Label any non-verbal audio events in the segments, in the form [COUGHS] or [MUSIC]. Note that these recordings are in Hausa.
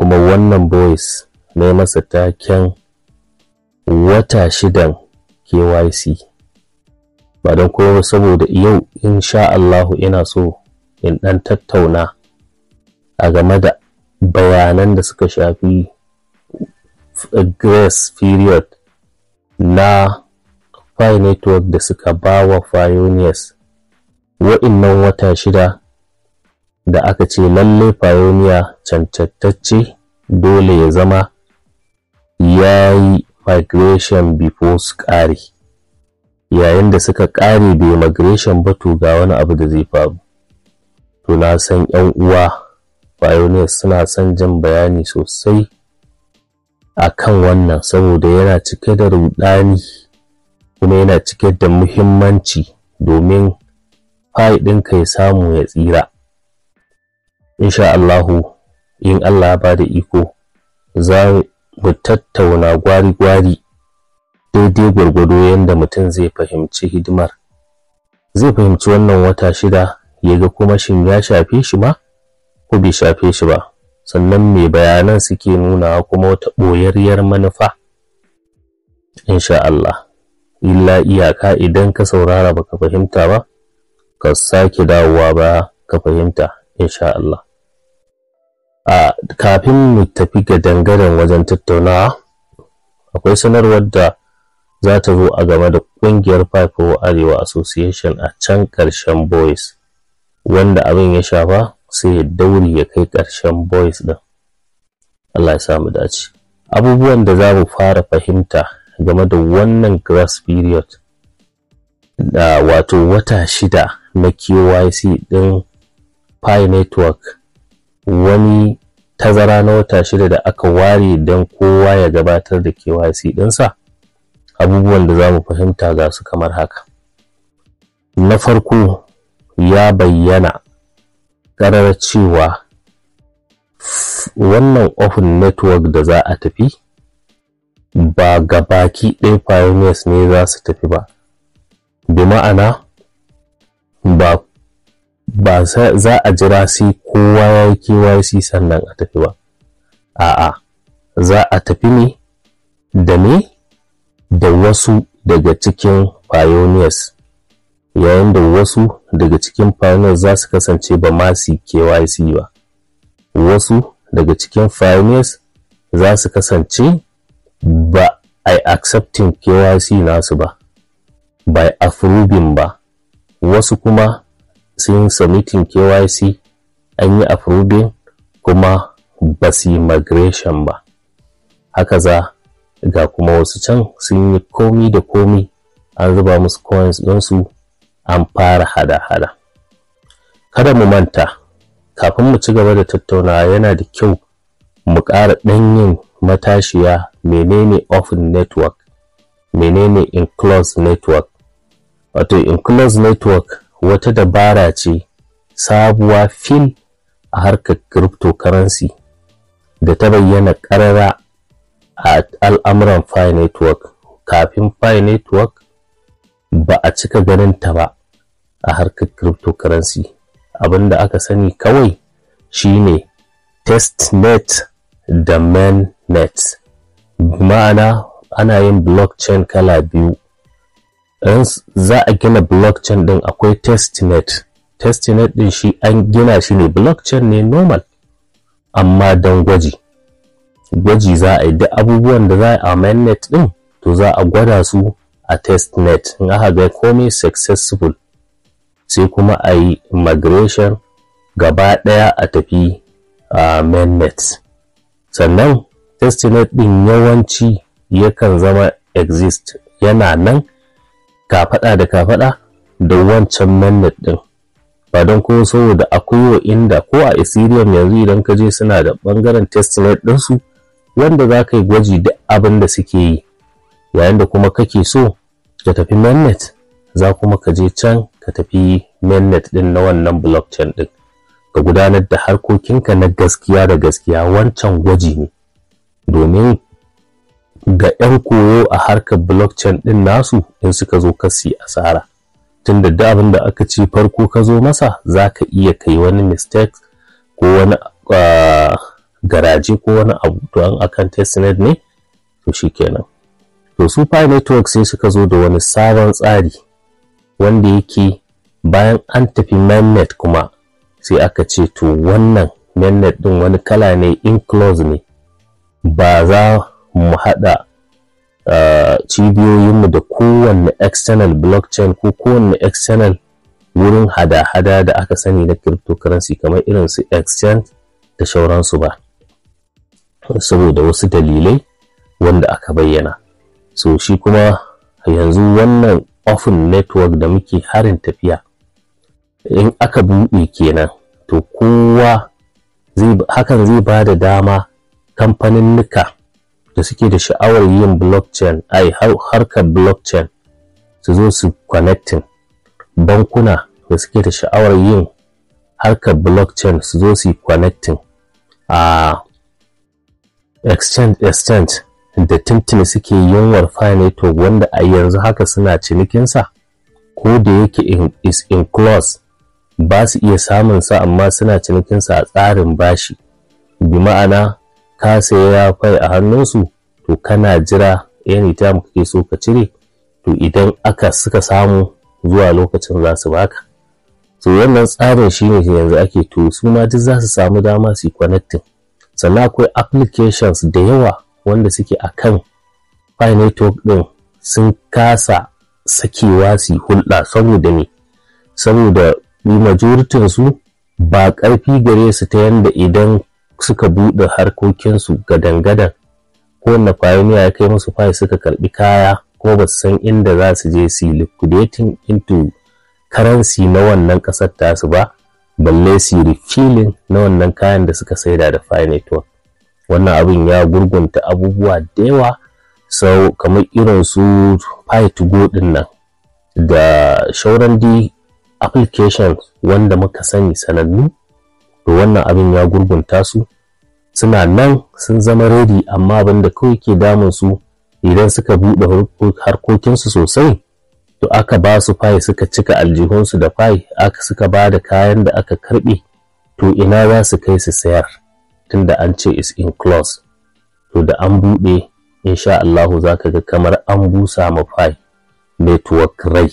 kuma wannan boys na yi masa taken wata shidan KYC ba don kowa saboda yau insha Allahu ina so in ɗan tattauna a game da bayanan da suka shafi grace period na fi network da suka ba wa pioneers wa'innan wata shida da aka ce lalle fayoniya cancantacce dole ya zama ya yi migration before su ƙare yayin da suka ƙare bai migration ba to ga wani abu da zai faru to na san 'yan uwa pioneers suna son jan bayani sosai a kan wannan saboda yana cike da rudani kuma yana cike da muhimmanci domin fa'idinka ya samu ya tsira insha Allahu in Allah ba da iko za mu tattauna gwari-gwari daidai gwargwado yadda mutum zai fahimci hidimar zai fahimci wannan wata shida ya ga kuma shin ya shafe shi ba ko bai shafe shi ba sannan mai bayanan suke nuna kuma wata ɓoyaryar manufa insha Allah illa iyaka idan ka saurara baka fahimta ba ka sake dawowa ba ka fahimta insha Allah a kafin mu tafi ga dangaren wajen tattaunawa akwai sanarwar da za ta zo a game da kungiyar Five Arewa Association a can ƙarshen Boys wanda abin ya shafa sai ya dauri ya kai ƙarshen Boys din. Allah ya samu dace. Abubuwan da za mu fara fahimta game da wannan grass period da wato wata shida na KYC din Pi Network wani tazara na wata shida da aka ware don kowa ya gabatar da KYC ɗinsa abubuwan da za mu fahimta ga su kamar haka. Na farko ya bayyana ƙarar cewa wannan ofin network da za a tafi ba ga baki ɗaya pioneers ne za su tafi ba. Bi ma'ana ba ba za a jira sai kowa ya yi KYC sannan a tafi ba. A'a, za a tafi ne da ne da wasu daga cikin pioneers yayin da wasu daga cikin pioneers za su kasance ba ma su KYC ba. Wasu daga cikin pioneers za su kasance ba a accepting KYC nasu ba, by approving ba, wasu kuma sun submitting KYC an yi approving kuma ba su yi migration ba haka za ga kuma wasu can sun yi komi da komi an zuba musu coins ɗinsu an fara hada-hada kada mu manta kafin mu ci gaba da tattaunawa yana da kyau mu ƙara ɗanyen matashiya menene open network menene enclosed network wato enclosed network wata dabara ce sabuwa fil a harkar cryptocurrency da ta bayyana ƙarara a al'amuran fi network kafin fi network ba a cika ganin ta ba a harkar cryptocurrency abinda aka sani kawai shine testnet da mainnet ma'ana ana yin blockchain kala biyu za a gina blockchain din akwai testnet testnet din shi an gina shi ne blockchain ne normal amma don gwaji gwaji za a yi duk abubuwan da za a mainnet din to za a gwada su a testnet in aka ga komai successful sai kuma a yi migration gaba ɗaya a tafi a mainnet sannan testnet din yawanci yakan zama exist yana nan kafaɗa da kafaɗa da wancan mannet ɗin ba don kuma saboda akwai wa inda ko a ethereum yanzu idan ka je suna da ɓangaren testament ɗinsu wanda za ka yi gwaji da abin da suke yi yayin da kuma kake so ka tafi mainnet za kuma ka je can ka tafi mainnet ɗin na wannan blockchain ɗin ka gudanar da harkokinka na gaskiya da gaskiya wancan gwaji ne domin ga 'yan koyo a harkar blockchain ɗin nasu in suka zo kasi asara tunda da abin da aka ce farko ka zo masa za ka iya kai wani mistake ko wani ah, garaje ko wani abu to an akan testnet ne to kenan. to su network sai suka zo da wani sabon tsari wanda yake bayan an tafi mainnet kuma sai aka ce to wannan mainnet ɗin wani kala ne in close ne ba za mu haɗa uh, cibiyoyinmu da kowanne external blockchain ko kowanne external wurin hada-hada da aka sani na cryptocurrency kamar irin su exchange da shauransu ba saboda wasu dalilai wanda aka bayyana so shi kuma yanzu wannan often network da muke harin tafiya in aka buɗe kenan to kowa hakan zai ba da dama kamfanin nuka da suke da sha'awar yin blockchain ai harkar blockchain su zo su connecting bankuna da suke da sha'awar yin harkar blockchain su zo su connecting a exchange exchange da tuntun suke yunwar fineto wanda a yanzu haka suna cinikinsa ko da yake is in close, ba su iya samunsa amma suna cinikinsa a tsarin bashi bi ma'ana ka ya fai a hannunsu to kana jira yanayi ta mu kake so ka cire to idan aka suka samu zuwa lokacin za su baka to wannan tsarin shi ne yanzu ake to su ma duk za su samu dama su yi connecting sannan akwai applications da yawa wanda suke akan fi network ɗin sun kasa sakewa su hulɗa saboda ne saboda majoritin su ba ƙarfi gare su ta yanda idan suka buɗe harkokinsu gadan-gadan kowanne pioneer ya kai musu fai suka karbi kaya kuma ba su san inda za su je su liquidating into currency na wannan ƙasar tasu ba balle su refilling na wannan kayan da suka saida da fai network wannan abin ya gurgunta abubuwa da yawa sau kamar irin su fai to go nan da shauran di applications wanda muka sani sanannu to wannan abin ya gurgunta su suna nan sun zama redi amma abin da kawai ke damun su idan suka buɗe harkokinsu sosai to aka ba su fai suka cika aljihunsu da fai aka suka ba da kayan da aka karɓe to ina za su kai su sayar tunda an ce is in close to da an buɗe insha Allah za ka ga kamar an busa ma fai network rai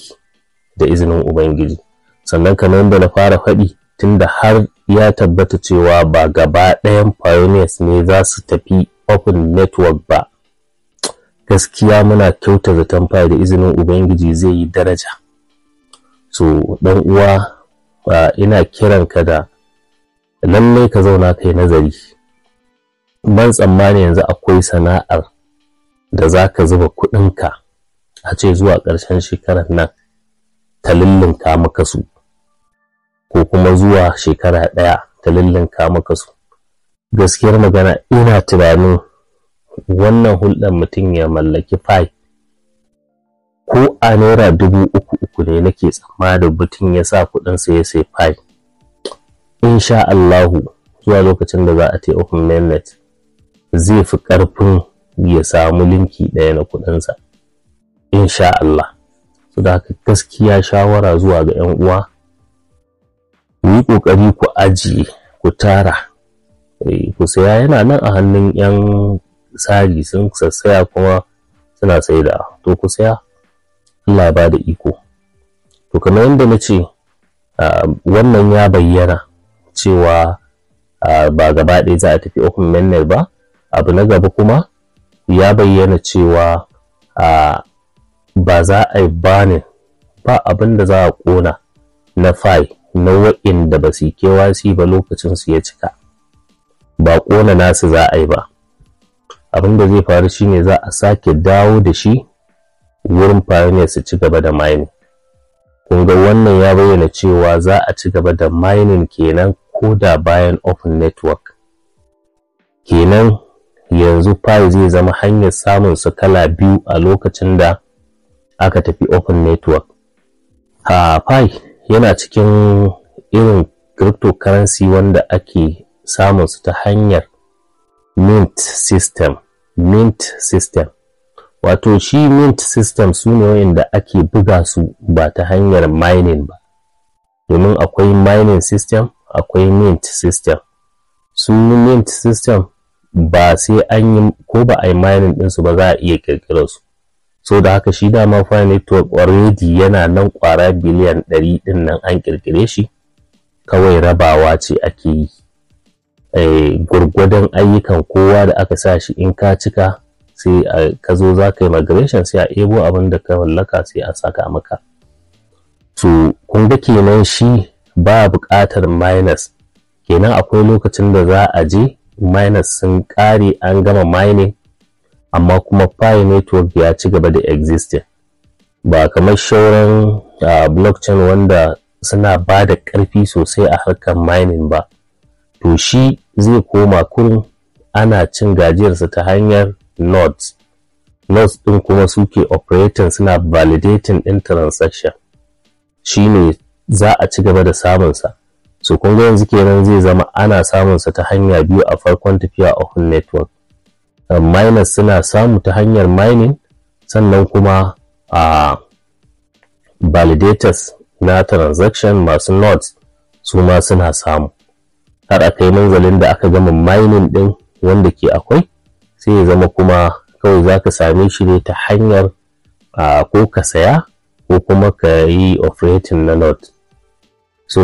da izinin Ubangiji sannan kamar da na fara faɗi tunda har ya tabbata cewa ba gaba ɗayan pioneers ne za su tafi open network ba gaskiya muna kyauta zaton da izinin ubangiji zai yi daraja so dan uwa ba ina kiran ka da lallai ka zauna kai nazari ban tsammani yanzu akwai sana'ar da za ka zuba kuɗinka a ce zuwa ƙarshen shekarar nan ta lullunka maka su ko kuma zuwa shekara ɗaya ta lullunka maka su gaskiyar magana ina tunanin wannan hulɗar mutum ya mallaki fai ko a naira dubu uku uku ne nake tsammanin mutum ya sa kuɗinsa ya sai fai insha Allahu zuwa lokacin da za a ta open mainnet zai fi ƙarfin ya samu linki ɗaya na kuɗinsa insha Allah su da haka gaskiya shawara zuwa ga 'yan uwa ku yi ƙoƙari ku ajiye ku tara eh, ku saya yana nan a hannun 'yan tsari sun sassaya kuma suna saida to ku saya Allah ba da iko to kamar yadda na ce wannan ya bayyana cewa ba gaba ɗaya za a tafi open manner ba abu na gaba kuma ya bayyana cewa ba za a yi banin ba abin da za a ƙona na fai na wa'inda ba su wasi ba lokacin su ya cika ba ƙona nasu za a yi ba abin da zai faru shine za a sake dawo da shi wurin ne su ci gaba da mining kun ga wannan ya bayyana cewa za a ci gaba da mining kenan ko da bayan open network kenan yanzu pi zai zama hanyar samun su kala biyu a lokacin da aka tafi open network ha ah, pi yana cikin irin cryptocurrency wanda ake samun su ta hanyar mint system mint system wato shi mint system su ne wa'inda ake buga su ba ta hanyar mining ba domin akwai mining system akwai mint system su mint system ba sai an yi ko ba a yi mining ɗinsu ba za a iya ƙirƙirar su so da haka shi dama fa network already yana nan kwara biliyan 100 din nan an kirkire shi kawai rabawa ce ake yi eh, gurgudan ayyukan kowa da aka sa shi in ka cika sai ka zo za ka yi migration sai a ebo abin da ka mallaka sai a saka maka so kun ga kenan shi ba buƙatar minus kenan akwai lokacin da za a je minus sun ƙare an gama mining amma kuma Pi network ya ci gaba da existing ba kamar shauran blockchain wanda suna ba da ƙarfi sosai a harkar mining ba to shi zai koma kurin ana cin gajiyarsa ta hanyar nodes nodes ɗin kuma suke operating suna validating ɗin transaction shi ne za a ci gaba da samunsa su kun yanzu kenan zai zama ana samunsa ta hanya biyu a farkon tafiya open network Um, miners suna samu ta hanyar mining sannan kuma a validators na transaction masu nodes su ma suna samu har a kai manzalin da aka gama mining din wanda ke akwai sai ya zama kuma kawai za ka same shi ne ta hanyar ko ka saya ko kuma ka yi operating na node so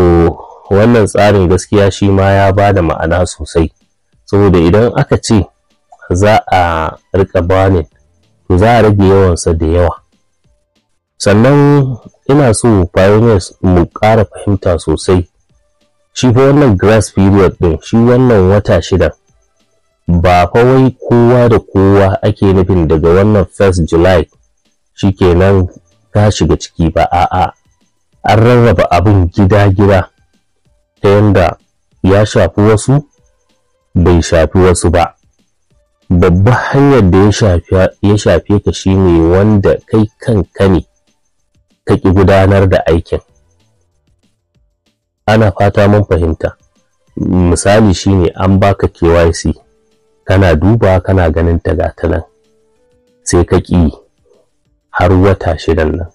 wannan tsarin gaskiya shi ma ya ba da ma'ana sosai saboda idan aka ce za a rika bani to za a rage yawansa da yawa sannan ina so pioneers mu ƙara fahimta sosai shi fa wannan grass period ɗin shi wannan wata shida ba fa wai kowa da kowa ake nufin daga wannan first july shikenan ka shiga ciki ba a'a an rarraba abin gida-gida ta yanda ya shafi wasu bai shafi wasu ba babban hanyar da ya shafe ka ne wanda kai kanka ne ka ƙi gudanar da aikin ana fata mun fahimta misali shi ne, an baka KYC kana duba kana ganin ta nan sai ka ƙi har wata shidan nan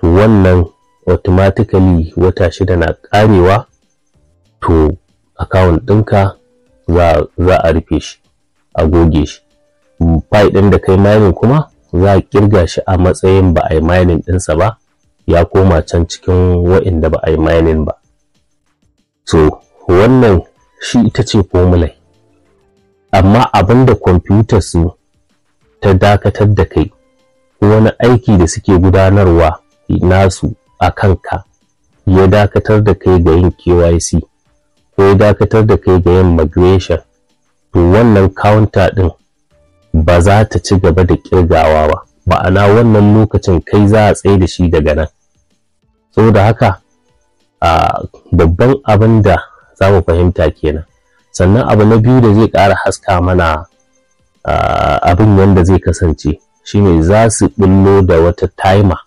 to wannan automatically wata shida na ƙarewa to akawun ɗinka za a rufe shi a goge shi fai ɗin da kai mining kuma za a kirga shi a matsayin ba a yi mining ɗinsa ba ya koma can cikin wa'inda ba a yi mining ba so wannan shi ita ce formula amma abin da kwamfutar su ta dakatar da kai wani aiki da suke gudanarwa nasu a kanka ya dakatar da kai ga yin KYC ko ya dakatar da kai ga yin migration to wannan counter ɗin ba za ta ci gaba da ƙirgawa ba ma'ana wannan lokacin kai za a tsaye da shi daga nan So da haka a babban abin da za mu fahimta kenan sannan abu na biyu da zai ƙara haska mana abin wanda zai kasance shine za su ɓullo da wata timer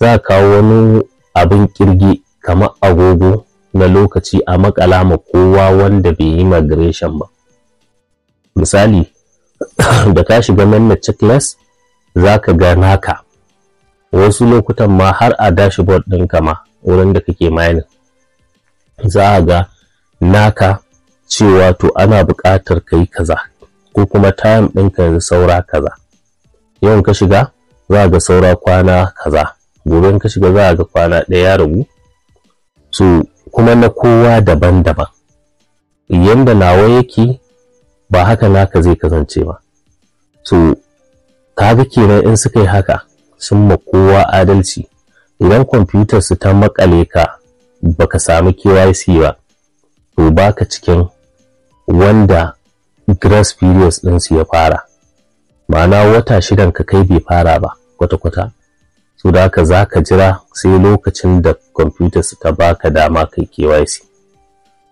za a kawo wani abin kirgi kamar agogo na lokaci a makala ma kowa wanda bai yi migration ba misali [COUGHS] da ka shiga manna checklist za ka ga naka wasu lokutan ma har a dashboard ɗinka ma wurin da kake mining za a ga naka cewa to ana buƙatar kai kaza ko kuma time ɗinka yanzu saura kaza yawan ka shiga za ga saura kwana kaza gobe ka shiga za ga kwana ɗaya ya ragu so kuma na kowa daban-daban yanda nawa yake ba haka naka zai kasance ba to kaga kenan in suka yi haka sun ma kowa adalci idan kwamfutar su ta makale ka baka sami KYC ba to baka cikin wanda grace periods din su ya fara ma'ana wata shidan ka kai bai fara ba kwata-kwata so da haka za ka jira sai lokacin da kwamfutar su ta baka dama kai KYC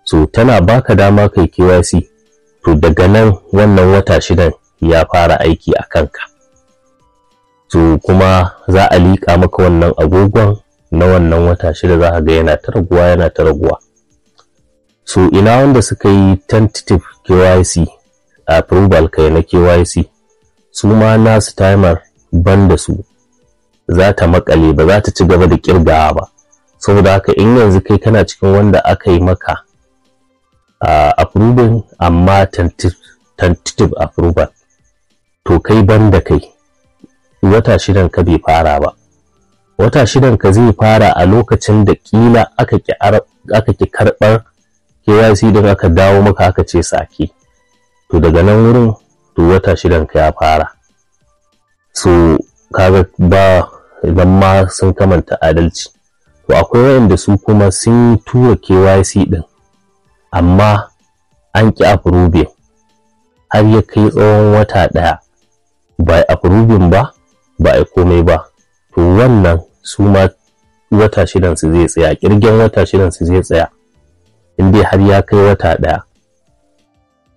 so tana baka dama kai KYC to daga nan wannan wata shidan ya fara aiki a kanka to kuma za a liƙa maka wannan agogon na wannan wata shida za ga yana ta raguwa yana ta raguwa so ina wanda suka yi tentative KYC approval kai na KYC su ma nasu timer ban da su za ta makale ba za ta ci gaba da kirgawa ba saboda haka in yanzu kai kana cikin wanda aka yi maka Uh, approving amma tentative approval to kai ban da kai wata shidan ka bai fara ba wata shidan ka zai fara a lokacin da kila aka ki karɓar KYC din aka dawo maka aka ce sake to daga nan wurin to wata shidan ka ya fara so kaga ba idan ma sun kamanta adalci to akwai wayanda su kuma sun tura KYC din amma an ƙi afurubin har ya kai tsawon wata ɗaya ba a ba ba a komai ba to wannan su ma wata shidan su zai tsaya kirgen wata shidan su zai tsaya inda har ya kai wata ɗaya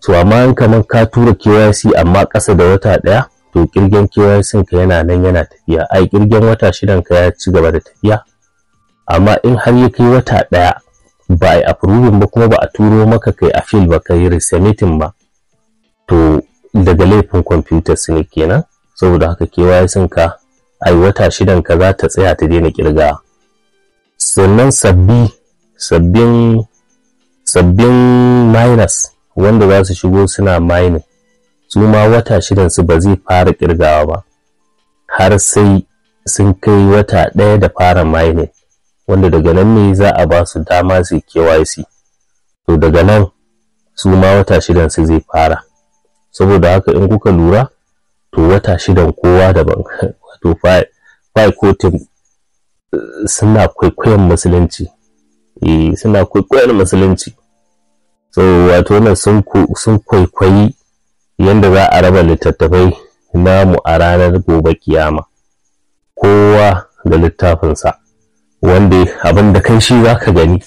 to amma in kamar ka tura KYC amma ƙasa da wata ɗaya to kirgen KYC ka yana nan yana tafiya ai kirgen wata shidan ka ya ci gaba da tafiya amma in har ya kai wata ɗaya ba a approving ba kuma ba a turo maka kai a fil ba kai resubmitting ba to daga laifin kwamfutar su ne kenan saboda haka sun ka ai wata shidan ka za ta tsaya ta daina kirga sannan sabbi sabbin sabbin minus wanda za su shigo suna mine su ma wata shidan su ba zai fara kirgawa ba har sai sun kai wata ɗaya da fara mining wanda daga nan ne za a ba su dama su KYC to daga nan su ma wata shidan su zai fara saboda haka in kuka lura to wata shidan kowa daban [LAUGHS] wato fai kotin eh, suna kwaikwayon musulunci eh suna kwaikwayon musulunci so wato nan sun kwaikwayi yadda za a raba littattafai namu a ranar gobe kiyama kowa da littafinsa wanda abin da kai shi za ka gani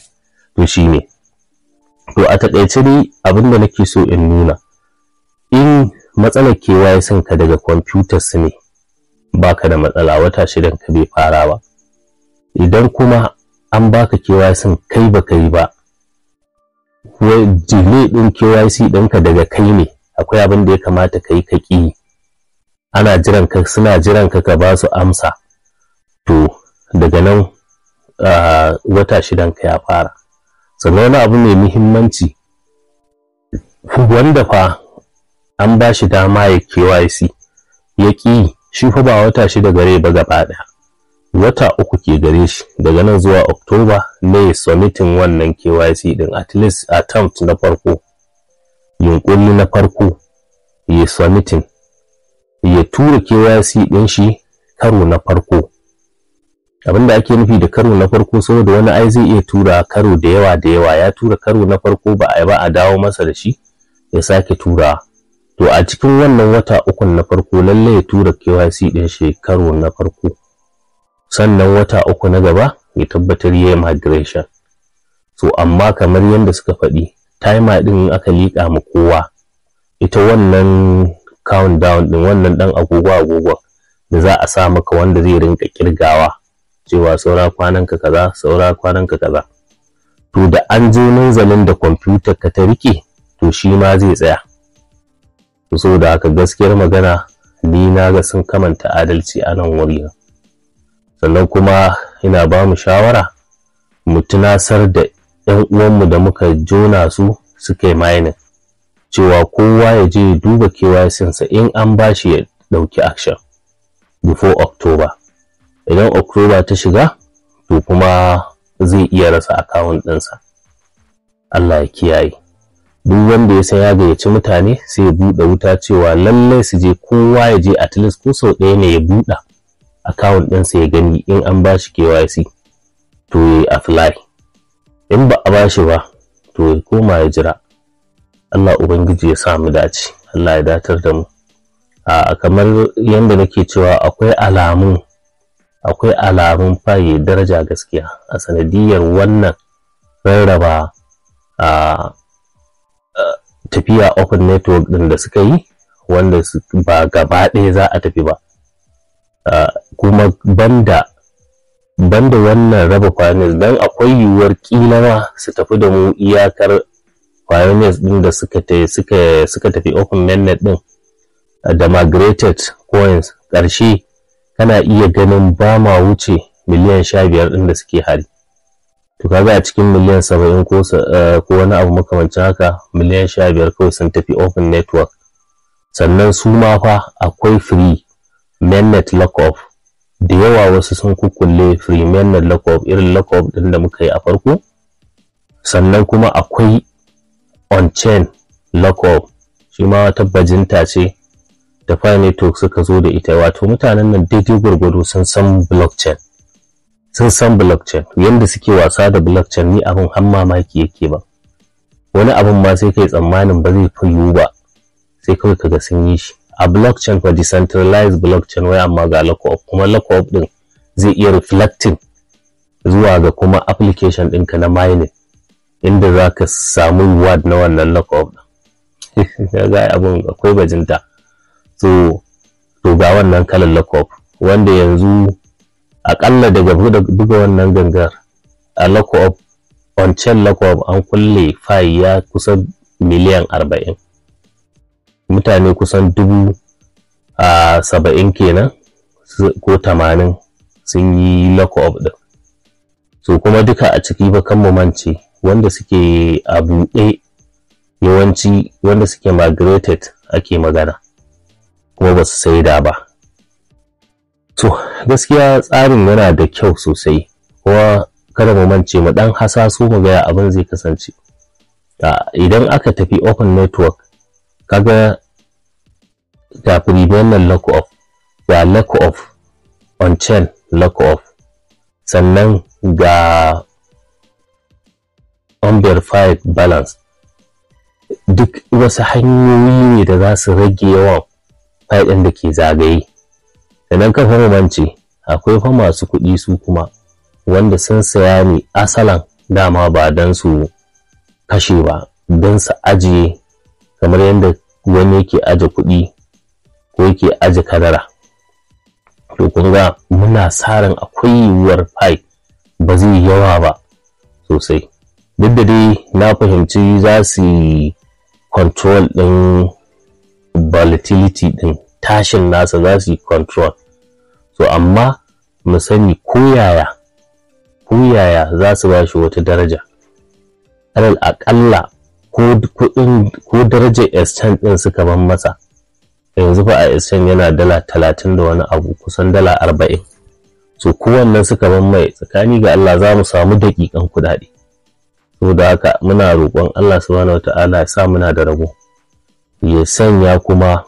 to shi ne to a taƙaice dai abin da nake so in nuna in matsalar ya son ka daga kwamfutar su ne ba ka da matsala wata shidan ka bai fara ba idan kuma an baka ya son kai ba ka yi ba delay ɗin KYC ɗinka daga kai ne akwai abin da ya kamata ka yi ka ƙi ana jiran ka suna jiran ka ka ba su amsa to daga nan wata shidan ka ya fara sannan wani abu mai muhimmanci wanda fa an ba shi dama ya KYC ya ƙi shi fa ba wata shida gare ba gaba ɗaya wata uku ke gare shi daga nan zuwa oktoba ne submitting wannan KYC din at least attempt na farko yunkuri na farko ya submitting ya tura KYC din shi karo na farko abinda ake nufi da karo na farko saboda wani ai zai iya tura karo da yawa da yawa ya tura karo na farko ba a ba a dawo masa da shi ya sake tura to a cikin wannan wata ukun na farko lalle ya tura KYC din shi karo na farko sannan wata uku na gaba ya tabbatar yayi migration so amma kamar yadda suka faɗi timer din aka liƙa ma kowa ita wannan countdown din wannan dan agogo agogo da za a sa maka wanda zai rinka kirgawa cewa saura kwanan kaza saura kwananka kaza to da an zo nan da kwamfutar ka ta rike to shi ma zai tsaya to da haka gaskiyar magana ni na ga sun kamanta adalci a nan wuri sannan kuma ina ba mu shawara mu tunasar da 'yan uwanmu da muka jona su suka yi cewa kowa ya je duba kewayesinsa in an ba shi ya ɗauki action before October. idan oktoba ta shiga to kuma zai iya rasa akawun ɗinsa allah ya kiyaye duk wanda ya san ya gayyaci mutane sai ya buɗe wuta cewa lallai su je kowa ya je at least ko sau ɗaya ne ya buɗe akawun ɗinsa ya gani in an ba shi KYC to ya yi apply in ba a ba shi ba to ya koma ya jira Allah Ubangiji ya samu dace Allah ya datar da mu a kamar yadda nake cewa akwai alamun akwai alamun faye daraja gaskiya a sanadiyar wannan rarraba a tafiya open network din da suka yi wanda ba gaba ɗaya za a tafi ba kuma banda banda wannan raba finance don akwai yiwuwar kila ma su tafi da mu iyakar finance din da suka tafi open mainnet din da migrated coins ƙarshe kana iya ganin ba ma wuce miliyan sha biyar ɗin da suke hari to kaga a cikin miliyan saba'in eh, ko wani abu makamancin haka miliyan sha biyar kawai sun tafi open network sannan su ma fa akwai free mainnet lockup da yawa wasu sun kukkulle free mainnet lockup irin lockup ɗin da muka yi a farko sannan kuma akwai on-chain lockup shi ma wata bajinta ce da Pi Network suka zo da ita wato mutanen nan daidai gwargwado sun san blockchain sun san blockchain yadda suke wasa da blockchain ni abin har mamaki yake ba wani abin ma sai kai tsammanin ba zai fi ba sai kawai kaga sun yi shi a blockchain fa decentralized blockchain wai amma ga lockup kuma lockup din zai iya reflecting zuwa ga kuma application ɗinka na mining inda za ka samu reward na wannan lockup din [LAUGHS] ga abin akwai bajinta so to ga wannan kalan lakof wanda yanzu akalla daga buga wannan gangar a lakof on chain lakof an kulle fai ya kusa miliyan arba'in mutane kusan dubu a saba'in kenan ko tamanin sun yi lakof din so kuma duka a ciki ba kan mance wanda suke a buɗe yawanci wanda suke migrated ake magana kuma ba su saida ba to gaskiya tsarin yana da kyau sosai kuma kada mu mance mu Ɗan hasaso mu gaya abin zai kasance idan aka tafi open network kaga ga prevailing lock off ga lock off on chain lock off sannan ga unverified balance duk wasu hanyoyi ne da za su rage yawan fayil ɗin da ke zagaye sannan kan mu mance akwai fa masu kuɗi su kuma wanda sun saya ne asalan dama ba don su kashe ba don su ajiye kamar yadda wani yake aje kuɗi ko yake aje kadara to kun ga muna sarin akwai yiwuwar fai ba zai yawa ba sosai duk da dai na fahimci za su yi control ɗin volatility ɗin tashin nasa za su yi control so amma mu sani koyaya koyaya za su ba shi wata daraja alal aƙalla ko darajar exchange ɗin suka ban masa yanzu ba a exchange yana dala talatin da wani abu kusan dala arba'in so kowannan suka ban mai tsakani ga Allah za mu samu daƙiƙan kuɗaɗe saboda haka muna roƙon Allah subhanahu wata'ala ya sa muna da rabo ya sanya kuma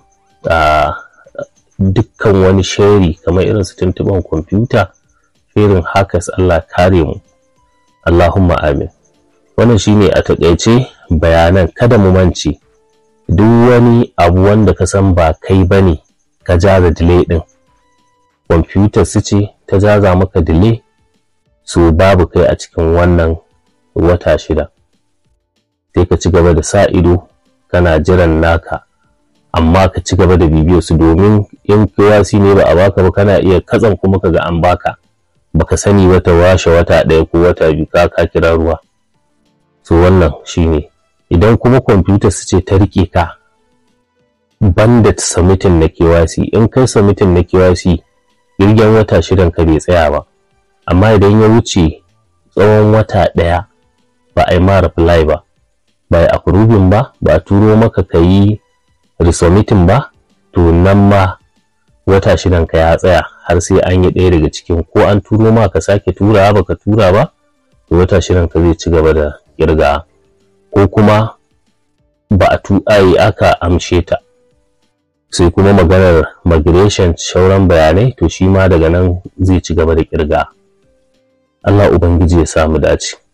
a ah, dukkan wani shari kamar irin su tuntuɓan kwamfuta shirin hackers Allah kare mu Allahumma amin wannan shine a taƙaice bayanan kada mu manci. duk wani abu wanda ka san ba kai ba ne ka jaza delay ɗin, kwamfutar su ce ta jaza maka delay su babu kai a cikin wannan wata shida sai ka ci gaba da sa ido kana jiran naka amma ka ci gaba da bibiyar su domin in kiyasi ne ba a baka ba kana iya katsan kuma ka ga an baka baka sani wata washe wata ɗaya ko wata biyu ka ka kira ruwa so wannan shine idan kuma kwamfuta su ce ta rike ka banda samitin na KYC in kai samitin na kewasi jirgin wata shidan ka bai tsaya ba amma idan ya wuce tsawon wata ɗaya ba a yi mara fly ba ba a kurubin ba ba a turo maka ka yi resubmitting ba to nan ma wata shidan ka ya tsaya har sai an yi ɗaya daga cikin ko an turo ma ka sake tura ba ka tura ba to wata shidan ka zai ci gaba da kirga ko kuma ba a tu'ayi aka amshe ta sai kuma maganar migration shauran bayanai to shi ma daga nan zai ci gaba da kirga Allah Ubangiji ya samu dace.